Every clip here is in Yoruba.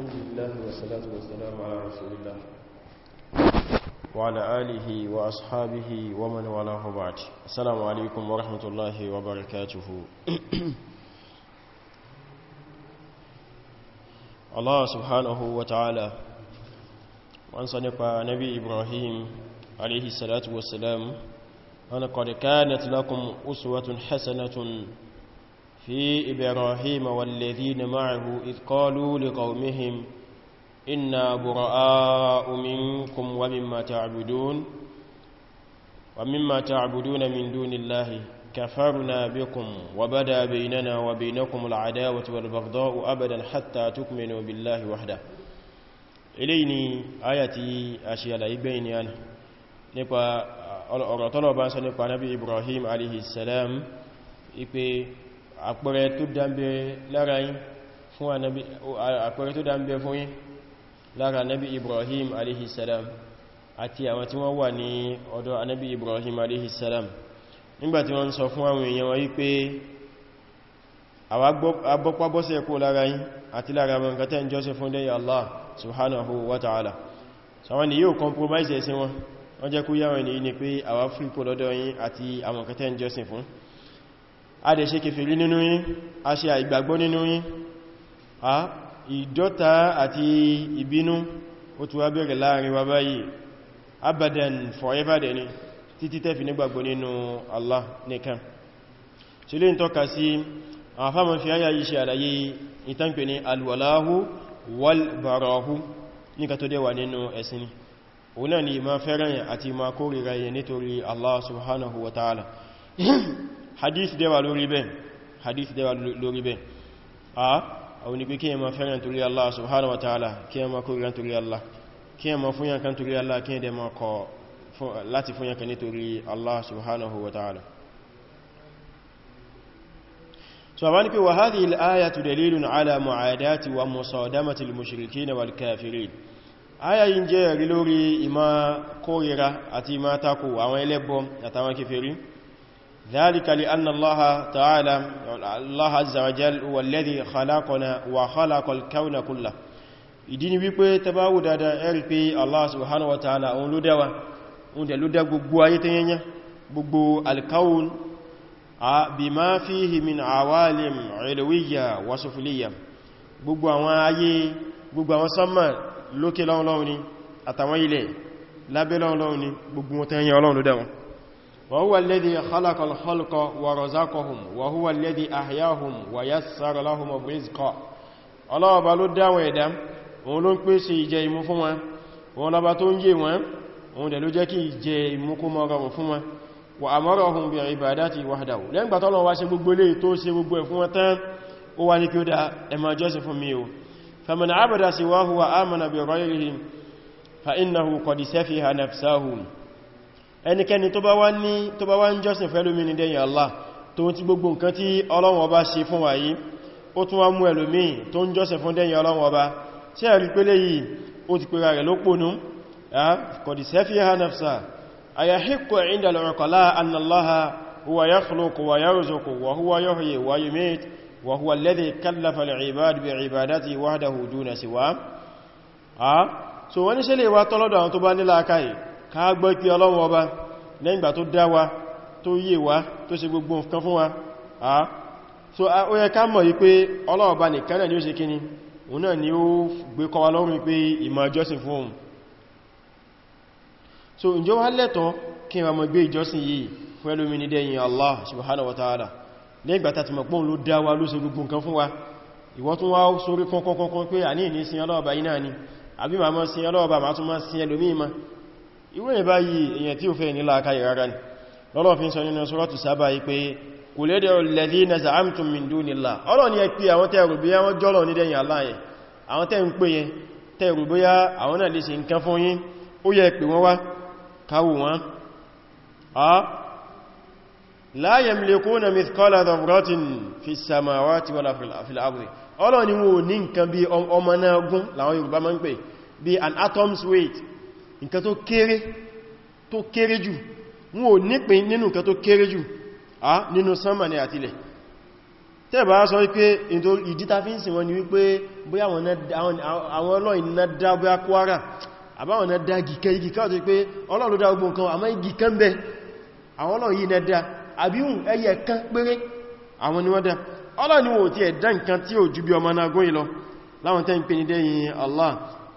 الحمد لله والصلاة والسلام على رسول الله وعلى آله وأصحابه ومن والاه بعد السلام عليكم ورحمة الله وبركاته الله سبحانه وتعالى وأن صنف نبي إبراهيم عليه الصلاة والسلام أنا قد كانت لكم أسوة حسنة في إبراهيم والذين معه إذ قالوا لقومهم إنا براء منكم ومما تعبدون ومما تعبدون من دون الله كفرنا بكم وبدا بيننا وبينكم العداوة والبغضاء أبدا حتى تكمنوا بالله وحده إليني آياتي أشياء لإبين أنا نبقى أرطلوا tọ́lọ̀ نبقى نبي إبراهيم عليه السلام إبقى àpẹẹrẹ tó dámbẹ̀ lára yín fún ànábì àpẹẹrẹ tó dámbẹ̀ fún yín lára ànábì Ibrahim aléhìsàlám àti àwọn tí wọ́n wà ní ọ̀dọ̀ ànábì Ibrahim aléhìsàlám nígbàtí wọ́n sọ fún àwọn èèyàn wọ́n wípé àwa agbọ́pàbọ́sẹ̀ kó lára yín àti lára àwọn nǹkan Allah subhanahu wa ta'ala ni yóò compromise ẹ̀sìn wọn ni pé àwa fún ìpò lọ́dọ̀ yín àti àwọn nǹkan tẹ́ a dẹ̀ ṣe kèfèrí nínú yín a ṣe àìgbàgbọ́ nínú yín a ìjọta àti ìbínú ó ti wá bẹ̀rẹ̀ láàrin wa báyìí abadan forever dẹ̀ ni títí tẹ́fì nígbàgbọ́ nínú Allah nìkan ṣe lè ń tọ́ka sí àfáàmà fi ayá yìí ṣe walbarahu níka tó dẹ̀wà nínú ẹ̀sìn òun náà ni ma fẹ́ràn àti Allah subhanahu wa ta'ala hadith dẹwà lórí bẹ́ hadith dẹwà lórí bẹ́ a àwọn ni pé kí ẹmà fẹ́ràn torí Allah subhanahu wa ta'ala kí ẹmà kórìíran torí Allah kí ẹmà fúnyàn kan torí Allah kí ẹdẹ ma kọ láti fúnyàn kan nítorí Allah subhanahu wa ta'ala so àwọn ni pé wa hadhihi al-ayatu dalilun ala mu'adati wa musadamati al-mushrikeen wal kafirin aya yìí jẹ́ rí lórí ìmá kórìíra àti ìmá tako àwọn ẹlẹ́bọ àtàwọn kèfèrí ذلك لأن الله تعالى الله عز وجل هو الذي خلقنا وخلق الكون كله ìdí ni wípé tabawo dada ẹ̀rí pé Allah subhanahu wa ta'ala òun ló dáwà òun dẹ̀ ló dá gbogbo ayé tanyanya gbogbo alkawun a bí ma fihi min awalim ilawiyya wa sufuliyya gbogbo àwọn ayé gbogbo àwọn sánmà lókè lọ́wọ́lọ́wọ́ ni àtàwọn ilẹ̀ lábẹ́ lọ́wọ́lọ́wọ́ ni gbogbo wọn tanyanya Ọlọ́run ló dáwà وهو الذي خلق الخلق ورزقهم وهو الذي أحياهم ويسر لهم الرزق الله بالو dáwọn ẹ̀dá òun ló ń pèsè ìjẹ ìmú fún wọn òun lọba tó ń jẹ wọn òun dẹ̀ ló jẹ́ kí ìjẹ ìmú kó mọ́ rọrùn fún wọn wa amarahum bi ibadati wahdahu lẹ́gbà tọ́lọ wá ṣe gbogbo lè tó ṣe gbogbo ẹ̀ fún wọn tán ó wá ní kí ó dá ẹmà jọ́sìn fún mi o faman abada siwahu wa amana bi ghayrihim fa innahu qad safiha nafsahu ẹnikẹ́ni tó bá wá ní tó bá wá ń jọ́sìn fẹ́lómi ní dẹ̀yìn Allah tó ti gbogbo nǹkan tí Ọlọ́run ọba ṣe fún wa yìí ó tún wá mú ẹlòmíì tó ń jọ́sìn fún dẹ̀yìn Ọlọ́run ọba tí ẹ̀rí pélé yìí ó ti pèrà rẹ̀ lópónú so wani ṣe lè wá tọ́lọ́dọ̀ àwọn tó bá nílá káyìí ká gbọ́ pé ọlọ́run ọba lẹ́yìn ìgbà tó dá wa tó yé wa tó ṣe gbogbo nǹkan fún wa ah so ó yẹ ká mọ̀ wípé ọlọ́run ọba nìkan ni ó ṣe kíni òun náà ni ó gbé kọ́ wa lọ́rùn pé ìmọ̀ ìjọsìn fún so ǹjọ́ wá lẹ́tọ̀ kí n mọ̀ gbé ìjọsìn yìí fún Allah subhanahu wa ta'ala lẹ́gbà tàti mọ̀ pọ́n ló dá wa ló ṣe gbogbo ni àbí màá mọ́ sin ọlọ́ọ̀bà màá tún mọ́ sin ẹlòmí ma ìwé ìbáyìí èyàn tí ó fẹ́ nílá akáyì rárá ni lọ́lọ́ fi ń sọ nínú suratu Saba yìí pé qul ud'u alladhina za'amtum min dunillah ọlọ́ni ẹ pé àwọn tẹ́rù bí wọ́n jọ́lọ̀ ní dẹ̀yìn Allah yẹn àwọn tẹ́ ń pè yẹn tẹ́rù bí àwọn náà lè ṣe nǹkan fún yín ó yẹ pé wọ́n wá káwò wọn a la yamlikuna mithqala dharratin an atom's weight nǹkan tó kéré tó kéré jù wọn ò nípin nínú nǹkan tó kéré jù á nínú sánmà ní àtilẹ̀ tẹ́bà sọ wípé ìdí fi ń sìn wọn ni wípé bóyá àwọn ọlọ́rin na dá bóyá kwara àbáwọn na dá gìkẹ́ igi káàtò wípé ọlọ́run ló dá ogun kan àmọ́ igi kan bẹ àwọn ọlọ́rin yìí na dá àbíhùn ẹyẹ kan péré ni wọ́n dá ọlọ́run ni wọ́n ti ẹ̀dá nǹkan tí ò ju Allah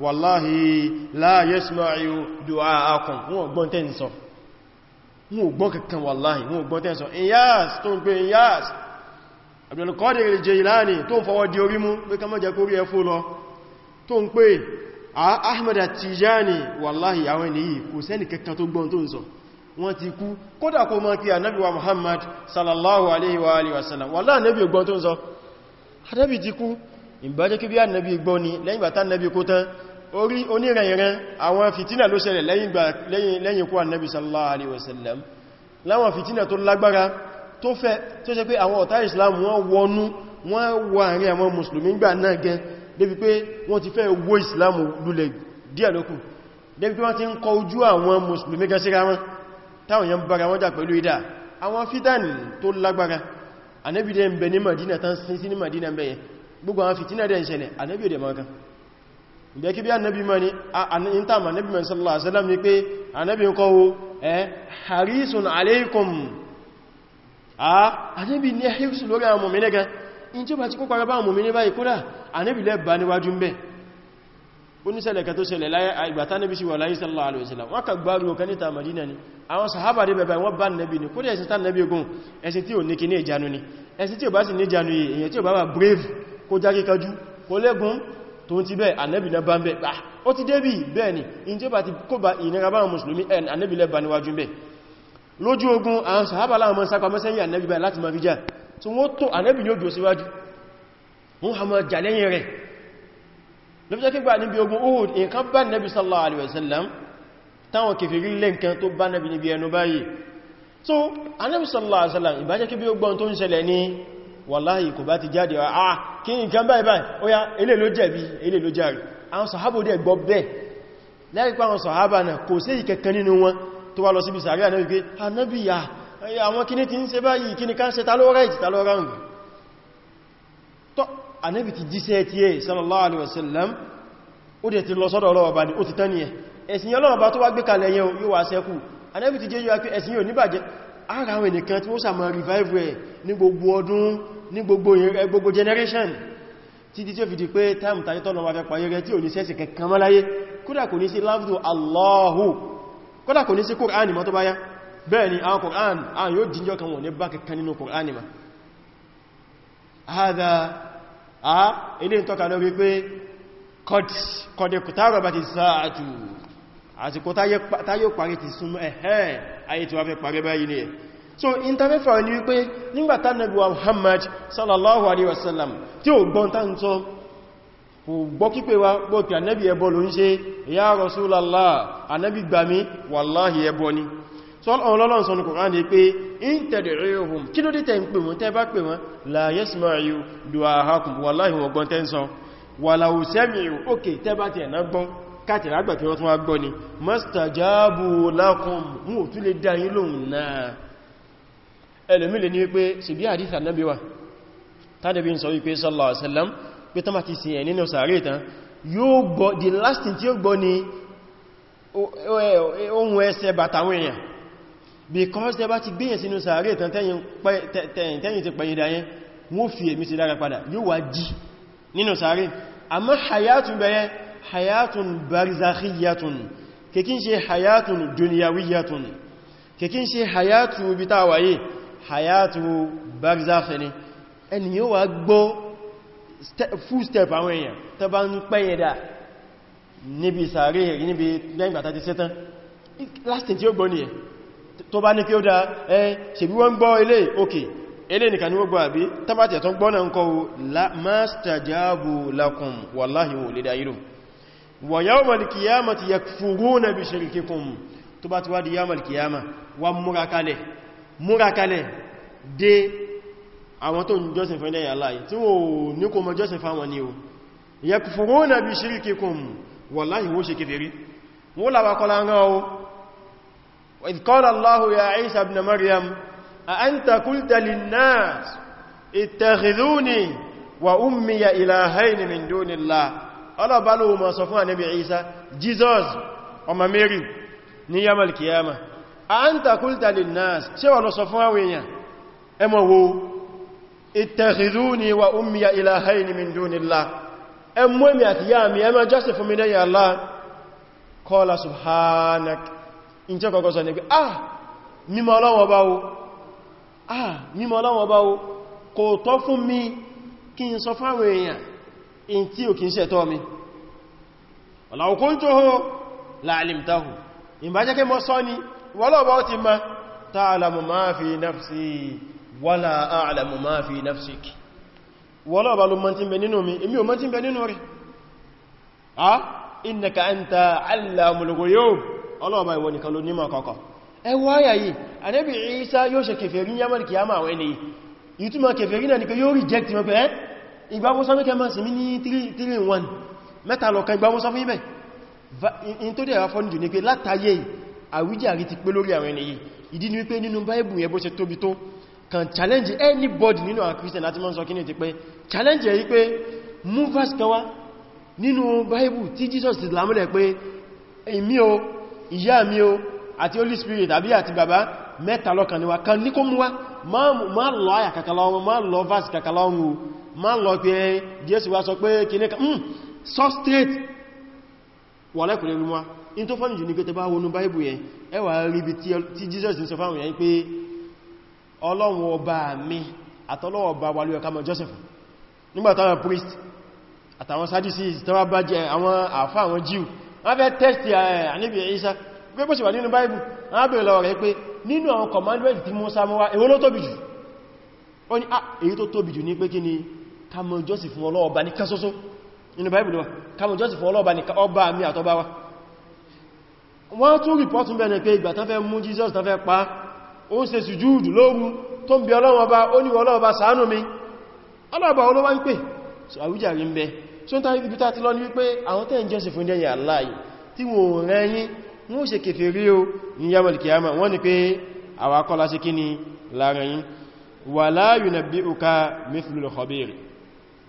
wallahi la yasma'u du'aakum wọ́n gbọ́n tẹ́ ń sọ wọ́n gbọ́n kankan wallahi wọ́n gbọ́n tẹ́ ń sọ Iyas tó ń pè Iyas Abdul Qadir al-Jilani tó ń fọwọ́ di orí mú pé ká má jẹ́ kórí ẹfó lọ tó ń pè Ahmad Tijani wallahi àwọn ènìyàn kò sẹ́ni kankan tó gbọ́n tó ń sọ wọ́n gbọ́ ni lẹ́yìn bàtà kó tán orí onírẹ̀yẹ̀rẹ̀ àwọn fìtínà ló ṣẹlẹ̀ lẹ́yìn kú annabi sallallahu alaihi wasallam láwọn fìtínà tó lágbára tó fẹ́ tó ṣe pé àwọn ọ̀tá islam wọ́n wọnú wọ́n wà rí àwọn musulmi gbà náà gẹn débi pé wọ́n ti fẹ́ wó islam lulẹ̀ díẹ̀ lókù débi pé wọ́n ti ń kọ ojú àwọn musulmi gan síra wọn táwọn yẹn bára wọ́n jà pẹ̀lú ìdá àwọn fìtánì tó lágbára anẹ́bìdẹ̀ ń bẹ ní madina dẹ̀ ń ṣẹlẹ̀ ìbẹ̀ kí bí annabi ma ní àníntàm annabi ma sallallahu alaihi wasallam ni pé annabi ń kọwo ẹ harisun alaikum a annabi ní harisu lórí àwọn mọ̀mílẹ̀ gan in tí bá ti kópa rẹ̀bá mọ̀mílẹ̀ báyìí kódà annabi lẹ́bà níwájú mbẹ̀ ó ní ṣẹlẹ̀ kan tó ṣẹlẹ̀ láyé ìgbàtà annabi sí wà láyé sallallahu alaihi wasallam wọ́n kà gbárí ọkà níta Madina ni àwọn ni kódà ẹ̀sìn tán annabi ni ẹ̀sìn tí ò bá brave kó jákíkájú kó lẹ́gùn tó ti bẹ́ ànẹ́bì lẹ́bà ń bẹ́ pà ó ti débì bẹ́ẹ̀ ni ìjọba ti kó bá ìnira bá mùsùlùmí ẹn ànẹ́bì lẹ́bà níwájú bẹ́ lójú ogun àwọn sàhábà láwọn sápamẹ́sẹ́yìn ànẹ́bì báyìí láti ma fi já tí wọ́n sallallahu alaihi wasallam táwọn kèfèrí lé nǹkan tó bá nẹ́bì so anẹ́bì sallallahu alaihi wasallam ìbájẹ́ kí bí ó wàláhì kò bá ti jáde àà ah, ah, kí nǹkan báyìí báyìí ó yá ilé ló jẹ̀bi ilé ló jẹ́rì àwọn sàhábò dẹ̀ gbọ́ bẹ́ẹ̀ lẹ́rìpá àwọn sàhábà náà kò sí ìkẹ̀kẹ́ nínú wọn tó wá lọ síbi sàárì ànábì pé ànábì yà àwọn kíní ti ń ṣe báyìí kíní ká ṣe tálọ́rà ìtì tálọ́rà ń tọ́ ànábì ti jíṣẹ́ ti ẹ̀ sallallahu alaihi wasallam ó dẹ̀ jẹ́ yóò wá pé ẹ̀sìn yóò níbàjẹ́ ara àwọn ènìyàn tí wọ́n sàmà revive rẹ̀ ní gbogbo ọdún ní eh, gbogbo generation títí tí ó fi di pé time tàbí tọ́nà wà fẹ́ pàyẹ rẹ̀ tí ò ní sẹ́sì kankan máláyé kódà kò ní sí láfdù Allahu kódà kò ní sí Kùránì mọ́ tó báyá bẹ́ẹ̀ ni àwọn Kùránì àwọn yóò díjọ́ kan wọ̀n ma hádá a ilé ń tọ́ka lórí pé kọ́dẹ̀kùtà rọ̀bàtì sáàtù àsìkò táyé parí ti súnmọ́ ẹ̀hẹ́n ayé tí wá fẹ́ parí báyìí ni ẹ̀ so intermefa ni wípé nígbàtá nàgbà Muhammad sallallahu alaihi wasallam tí ó gbọ́n tán tọ́ kò gbọ́ kípé wa gbọ́ kí annabi ló ń ṣe ya Rasulallah annabi gbami wallahi ẹbọ ni so ọlọ́lọ́n sọ ní Qur'an ni pé in tad'uhum kí ló la yasma'u du'aakum wallahi wọ́n gbọ́n tẹ́ ń sọ walau sami'u okay tẹ́ bá tẹ́ káàkiri àgbàtí wọ́n tún wá gbọ́ ni mastajabu lakum mú ò tún lè dá yín lóhùn náà ẹlòmílẹ̀ ní wípé sì bí hadith Ànábì wa tàbí ń sọ wípé sallallahu alaihi wasallam pé tó má ti sin ẹ̀ nínú sàárè tán yóò gbọ́ the last thing tí ó gbọ́ ni e, ohun ẹsẹ̀ bàtàwọn èèyàn because tẹba ti gbíyàn sínú sàárè tán tẹ́yìn ti pẹ̀yìn dáyẹn wọ́n fi èmì sí lára padà yóò wá jí nínú sàárè àmọ́ hayatun bẹ̀yẹn hayatun barzakhiyatun kekin ṣe hayatun dunyawiyatun kekin ṣe hayatu bitawaye hayatu barzakh ni ẹni yóò wá gbọ́ full step àwọn èèyàn tó bá ń pẹ́yẹ dà níbi sàárè rí níbi lẹ́yìnbàtà ti sẹ́tán lásìtì tí ó gbọ́ ní ẹ̀ tó bá ní kí ó dá ẹ ṣèbí wọ́n gbọ́ ilé òkè ilé nìkan ni ó gbọ́ àbí tábàtì ẹ̀tọ́ gbọ́ náà ń la mastajabu lakum wallahi wò lè dá irú wa yawmal qiyamati yakfuruna bi shirkikum tó bá ti wá di yawmal qiyama wa múrakalẹ̀ múrakalẹ̀ dé àwọn tó ń jọ́sìn fún ilẹ̀ aláyé tí wọ́n ní kò mọ jọ́sìn fáwọn ní o yakfuruna bi shirkikum wallahi wó ṣe kèfèrí wọ́n ọlọ́ọ̀bá ló mọ̀ sọ fún ànábì Isa Jesus ọmọ Mary ní yamal kiyama a ń takúlta lè náà ṣe wà lọ sọ fún àwọn èèyàn ẹmọ̀ wo ittakhidhuni wa ummiya ilahayni min dunillah ẹmọ́ mi àti yá mi ẹmọ́ jọ́sẹ̀ fún mi náà yà Allah kọ́lá subhanak in jẹ́ kọ́kọ́ sọ ní pé ah in tí ò kí ń ṣẹ̀tọ́ mi law kuntuhu la'alimtahu in bá jẹ́ kí mọ́ sọ ni wọ́lọ́bọ́ ti ma ta'lamu ma fi nafsi wala a'lamu ma fi nafsik wọ́lọ́bọ́ ló mọ́ tí ń bẹ nínú mi èmi ò mọ́ tí ń bẹ nínú rẹ̀ ha innaka anta allamul ghuyub ọlọ́ọ̀bá ìwọ nìkan ló nímọ̀ kọ̀kọ̀ ẹwọ́ ayayi Ànábì Ìsá yóò ṣe kèfèrí ní ìgbàwó sọ mẹ́kẹ́ máa sì mí ní 3-1 mẹ́ta lọ kan ìgbàwó sọ fún ibẹ̀ in tó dẹ̀ afọ́ nìjò ní pé látàyè àwíjàrí ti pé lórí àwọn ènìyàn ìdí ni wípé nínú báìbù yẹn challenge anybody nínú àwọn christian láti mọ́ sọ kí ní ti pé challenge yìí pé movers kan wá nínú báìbù tí jesus ti lámúlẹ̀ pé èmi o ìyá mi o àti holy spirit àbí àti bàbá mẹ́ta lọ́kan ni wá kan ní kó mú wá má lọ má lọ pé jésù wá sọ pé kìníkà mú hmm, sọ straight wà lẹ́kùnlẹ̀ rí wá in tó fọ́nìyàn ní pé tẹbá wọnú báìbù yẹn ẹ wá ríbi tí jesus ń sọ fáwọn yẹn pé ọlọ́run ọba mi àtọ́lọ́wọ̀ ọba wà lóyọ kamọ̀ joseph nígbàtàwọn priest àtàwọn sadducees tẹwà bá jẹ àwọn àfá àwọn jew wọ́n fẹ́ tẹ́sì eh, àníbì ìsá pé bó ṣe wà nínú báìbù wọ́n bèèrè lọ rẹ̀ pé nínú àwọn commandment tí Mùsá mú wá èwo ló tóbi jù ó ní à ah, èyí tó tóbi jù ní pé kí ni kàmọ̀ jọ́sì fún ọlọ́ọ̀bá ní kásọ́sọ́ inú báyìí lọ kàmọ̀ jọ́sì fún ọlọ́ọ̀bá ní ọba mi àtọba wa wọ́n tún rìpọ́tún bẹ̀rẹ̀ pé ìgbà tán fẹ́ mú Jesus tán fẹ́ pa ó ń ṣe sùjúùdù lóru tó ń bí ọlọ́ọ̀bá ó ní ọlọ́ọ̀bá ṣàánú mi ọlọ́ọ̀bá olówá ń pè so àwújàrí ń bẹ so ń tàbí bíta ti lọ ní wípé àwọn tẹ́ ń jọ́sì fún dẹ́yìn aláì tí wọ́n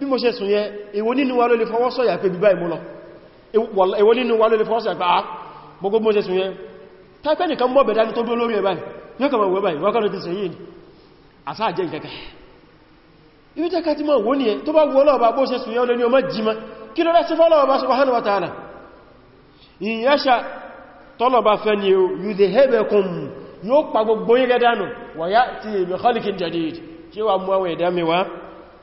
bí mo ṣe sùn yẹn èwo nínú wa ló lè fọwọ́ sọ̀yà pé bíbá ìmú lọ èwo nínú wa ló lè fọwọ́ sọ̀yà pé àá ah, gbogbo mo ṣe sùn yẹn táìpẹ́ nìkan mọ́ bẹ̀dá ní tó dúró lórí ẹ̀ báyìí yóò kọ̀mọ̀ wẹ́ báyìí wọ́kọ̀ ló ti sùn yìí àṣà àjẹ́ ìkẹ́kẹ́ ibi tẹ́ka tí mọ̀ wó ní ẹ tó bá wọ́ lọ́ọ̀bá bó ṣe sùn yẹn ó wa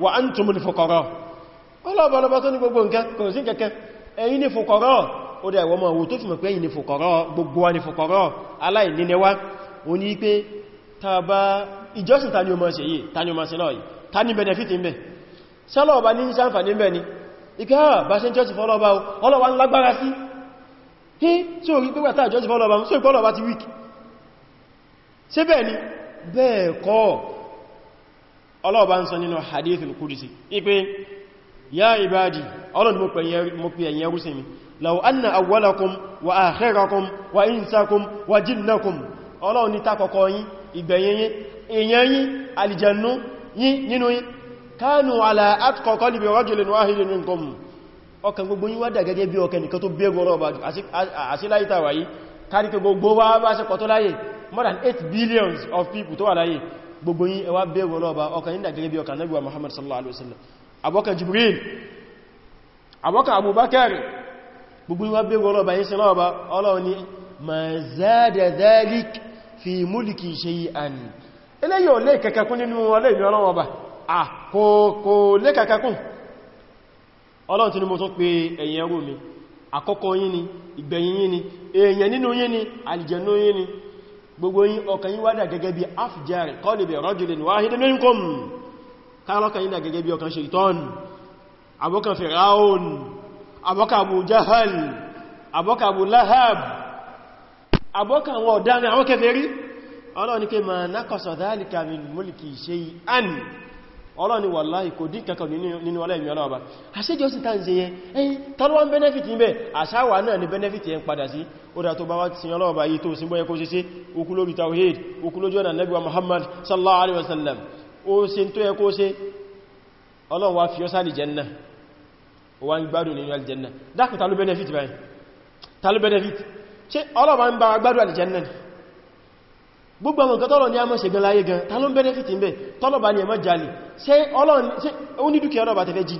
wa antumul fuqara ọlọ́bọ̀lọ́bọ̀ tó ní gbogbo nǹkan kò sí kẹ́kẹ́ ẹ̀yin ni fuqara ó dẹ̀ ìwọ̀n owó tó túnmọ̀ pé ẹ̀yin ni fuqara gbogbo wa ni fuqara aláìníníwá o ní pé tàbá ìjọsìn tani o máa ṣe yìí tani o tani benefit ń bẹ sálọ̀ọ̀bá ní sàǹfàní ń bẹ ni ikẹ́ ha ah, bá ṣe ń jọ́sìn fọ́lọ́bá ọlọ́wà ń lágbára sí hí tí ó rí pé wàtà ìjọsìn fọ́lọ́bá ń sọ ìpọ́lọ́bá ti Ọlọ́run bá ń sọ nínú hadithul qudsi ipé ya ibadi Ọlọ́run mo pè ẹ̀yẹ rúsẹ̀ mi law anna awwalakum wa akhirakum wa insakum wa jinnakum Ọlọ́run ní takọ̀kọ́ yín ìgbẹ̀yẹyẹ èyàn ọkàn gbogbo yín dà gẹ́gẹ́ bí ọkàn nìkan tó bẹ́gbọ́ ọlọ́ọ̀bá àṣíláìtàwà yìí kárí pé gbogbo wá bá ṣe pọ̀ tó láyé more than 8 billions of people tó wà láyé gbogbo yín ẹ wá bẹ̀rù ọlọ́ọ̀bá ọkàn yín dà gẹ́gẹ́ bí ọkàn Ànábì wa Muhammad sallallahu alaihi wasallam abọ́kà Jibril abọ́kà Abubakar gbogbo yín wá bẹ̀rù ọlọ́ọ̀bá yín sí lọ́ọ̀bá ọlọ́ọ̀ni ma zada dhalik fi mulki shay'an eléyìí ni ìgbẹ̀yìn yín ni èèyàn nínú yín ni àlìjẹ̀nú yín ni gbogbo yín ọkàn yín wádà gẹ́gẹ́ bí afjari kọlìbẹ̀ rọ́jùlẹ̀ ní wáhídẹ̀ minkum kálọ́kàn yín dà gẹ́gẹ́ bí ọkàn shaitan abọ́kàn firaun abọ́kàn abu jahal abọ́kàn abu lahab abọ́kàn wọn ọ̀dáni àwọn kèfèrí ọlọ́ni pé ma nákọsọ̀ dhalika min mulki ọlọ́ni wàláhì kò dí kankan nínú ọlẹ́mí ọlọ́ọ̀bá àṣíjọ́ sí tàà ń ṣe yẹn ẹ̀yìn tọ́lọ́wọ́ ń benefit ń bẹ̀ àṣáwà náà ni benefit yẹn padà sí ó dá tó bá wá ti ọlọ́ọ̀bá yìí tó sí bóyẹ kó ṣe sí okú lórí tawhid Muhammad sallallahu alaihi wasallam ó ṣe tó yẹ kó ṣe Ọlọ́run wá fi ọ́ sí aljanna ó wá ń gbádùn nínú aljanna dákùn ta ló benefit báyìí ta ló benefit gbogbo àwọn nǹkan tọ́lọ̀ ní a mọ́ ṣe gan láyé gan ta ló ń benefit ń bẹ̀ tọ́lọ̀ bá ní ẹmọ́ jalè ṣe ọlọ́run ṣe onídúkẹ́ ọlọ́bà tẹ́fẹ́ jí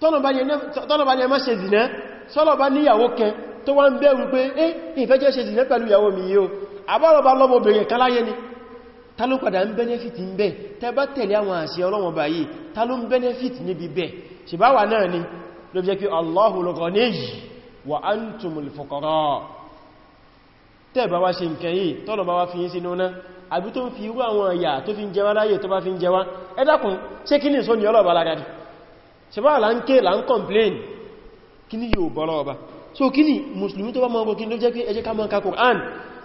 tọ́lọ̀ eh ìfẹ́ jẹ́ ṣe zìnà pẹ̀lú ìyàwó mi yíó àbọ́rọ̀ bá lọ́bọ̀ obìnrin kan láyé ni ta ló padà ń benefit ń bẹ̀ tẹ bá tẹ̀lé àwọn àṣẹ ọlọ́wọ̀n bá yìí ta ló ń benefit níbi bẹ̀ ṣe bá wà náà ni tẹ́ẹ̀bá wá ṣe nǹkan yìí tọ́lọ̀ bá wá fi yí sí náà àbí tó ń fi irú àwọn ẹ̀yà tó fi ń jẹwa láyé tó bá fi ń jẹwa ẹ dákun kí ní ìsọ́ ni ọlọ́ọ̀bá lágádì ṣe bá là ń ké là ń complain kí ní yóò bọ́ lọ́ọ̀bá so kí ní mùsùlùmí tó bá mọ́ ọkọ̀ kí ní Quran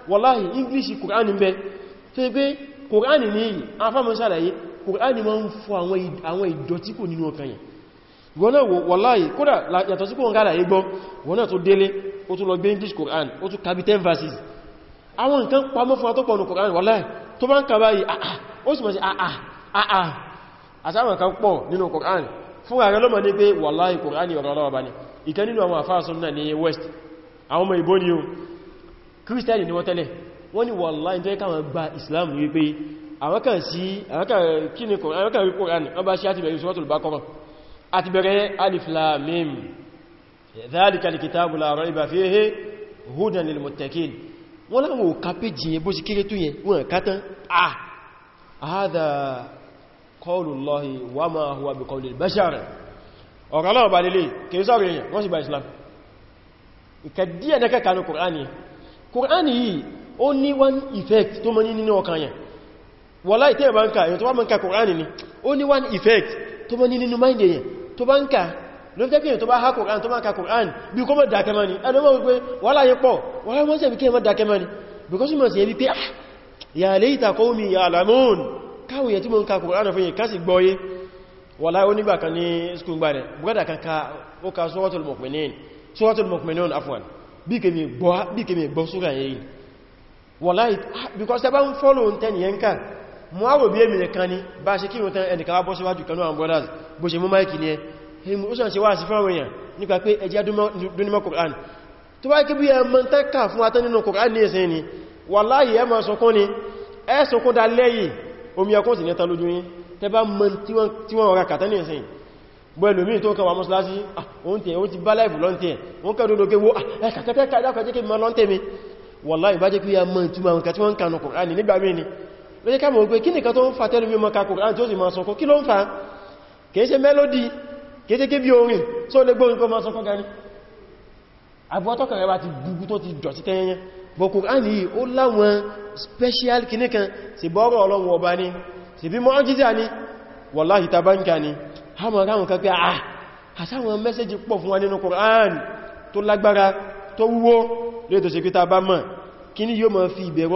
wallahi English Quran ń bẹ Quran ní yìí afámọ́ sàlàyé Quran máa ń fọ àwọn ìdọ̀tí kò nínú ọkàn yẹn wallahi kódà yàtọ̀ sí kò ń gádà yé gbọ́ gọ́nà tó délé tún lọ gbé English Quran ó tún kabi 10 verses àwọn nǹkan pamọ́ fún àtọ́pọ̀ ní kòrán wọ́lẹ̀ tó bá ń kà báyìí àà ah, ah, ó sì mọ̀ sí àà àà àtàwọn nǹkan pọ̀ nínú kòrán fún ààrẹ lọ́mọ̀ ní pé wàláì kòrán ọ̀rọ̀ ọlọ́wà bá hudan lil muttaqin wọ́n láwọn òkà péjì yẹn bó sì kéré tó yẹn wọ́n kátán ah hadha qawlullahi wa ma huwa bi qawlil bashar ọ̀rọ̀ náà bá lélẹ̀ kìí sọ́rọ̀ èèyàn wọ́n sì bá Islam ìkà díẹ̀ nẹ́kẹ́ kanú Kùránì Kùránì yìí ó one effect tó mọ́ ní nínú ọkàn yẹn wọ́lá ìtẹ́ ìbá ń ni ó one effect tó mọ́ ní nínú mind ló fi jẹ́kìyàn tó bá ha kòrán tó máa ka kòrán bí kó mọ́ dákẹ́mọ́ ni ẹni mọ́ wípé wà láyé pọ̀ wà láyé mọ́ sí ẹbí kí pé ah ya laita qaumi ya'lamun káwọn yẹ tí mọ́ ń ka kòrán fún yẹ kásì gbọ́yé wà láyé onígbà kan ní skún gbà rẹ̀ bùgádà kan ka ó ka suratul mu'minun suratul mu'minun afwan bí kèmì gbọ́ súra yẹ yìí wà láyé ah, because tẹ bá ń ìmúrúsàn sí wá sí fáwọn èèyàn nípa pé ẹjẹ́ dúnímọ̀ Kùránì tó wáyé kí bí ẹmọ tẹ́kà fún atẹ́ ni wàláhì ẹ máa sọkún ni ẹ sọkún dá lẹ́yìn omi ẹkún sí nẹta lójú yín tẹ bá mọ tí wọ́n rà kàtẹ́ ní ẹsẹ̀ bọ́ẹ̀lú mi tó kọwàá mọ́sílásí ohun ó ti bá láìbù lọ́ntẹ̀ wọ́n kẹ́ lódó pé wó ẹ̀kàkẹ́kẹ́ jẹ́ kí mi wàláhì bá jẹ́ kí ya mọ́ ni lójẹ́ mi mọ́ ka Kùránì tó sì máa sọkún kí ló ń fa kìí ṣe mélòdì kéjéké bí orin tó lè gbórin kó ma sọ kọ́gá ní àbúwátọ́kẹ̀rẹ́ bá ti gbogbo tó ti jọ sí kẹ́yẹn bọ̀ kùránì yìí ó láwọn special kìníkan sí bọ́rọ̀ ọlọ́run ọba ní sí bí mọ́jíjá ní wàláhì tàbánkà ní hàmà ráhùn kẹ́kẹ́ ah àsáwọn mẹ́sẹ́jì pọ̀ fún wa nínú kùránì tó lágbára tó wúwo lè tó ṣekítà bá mọ̀ kí ni yóò máa fi ìbẹ̀rù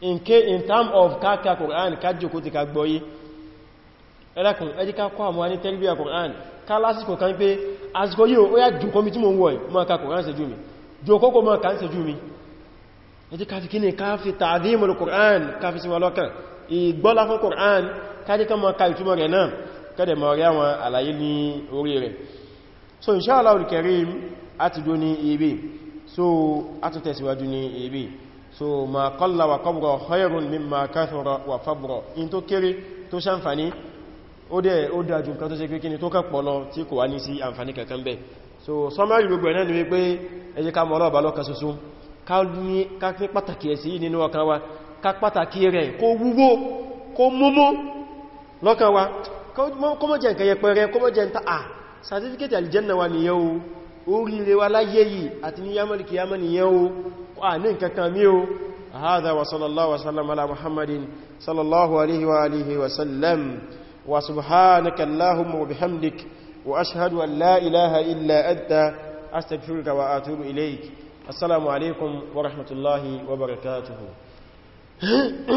in in term of kaka Qur'an kájòkó ti ka gbọ́yé ẹlẹ́kùn ẹjí ká kọ́ àwọn ní tẹ́lbíà Qur'an ká lásìkò kan pé àsìkò yíò ó yá jùkọ́ mi tí mo ń wọ̀ mọ́ ká Qur'an ṣe mi jùkọ́kọ́ mọ́ ká ń ṣe mi ẹjí ká fi kíni ká fi Qur'an ká fi sí wọn lọ́kàn Qur'an kájí ká mọ́ ká ìtumọ̀ rẹ̀ náà kẹ́dẹ̀ mọ́ rí àwọn àlàyé ní orí so inshallah al-karim a ti ní ibi so a tún tẹ̀síwájú ní ibi so ma qalla wa qabra khayrun mimma kathura wa fabra in tó kéré tó ṣàǹfàní ó dẹ̀ ó dájú nǹkan tó ṣe pé kíni tó kàpọ̀ lọ tí kò wá ní sí àǹfàní kankan bẹ̀ so summary gbogbo ẹ̀nà ni wípé ẹ jẹ́ ká mọ̀ ọlọ́ọ̀bá lọ́kan ṣoṣo ká ní ká ní pàtàkì ẹ̀sí nínú ọkàn wa ká pàtàkì rẹ̀ kó wúwo kó múmú lọ́kàn wa kó mọ́ oríire wa láyé yìí àti ní yamal kiyama nìyẹn o a ní kankan mí o hadha wa sallallahu wasallam ala muhammadin sallallahu alaihi wa alihi wasallam wa subhanaka allahumma wa bihamdik wa ashhadu an la ilaha illa anta astaghfiruka wa atubu ilaik assalamu alaikum wa rahmatullahi wa barakatuhu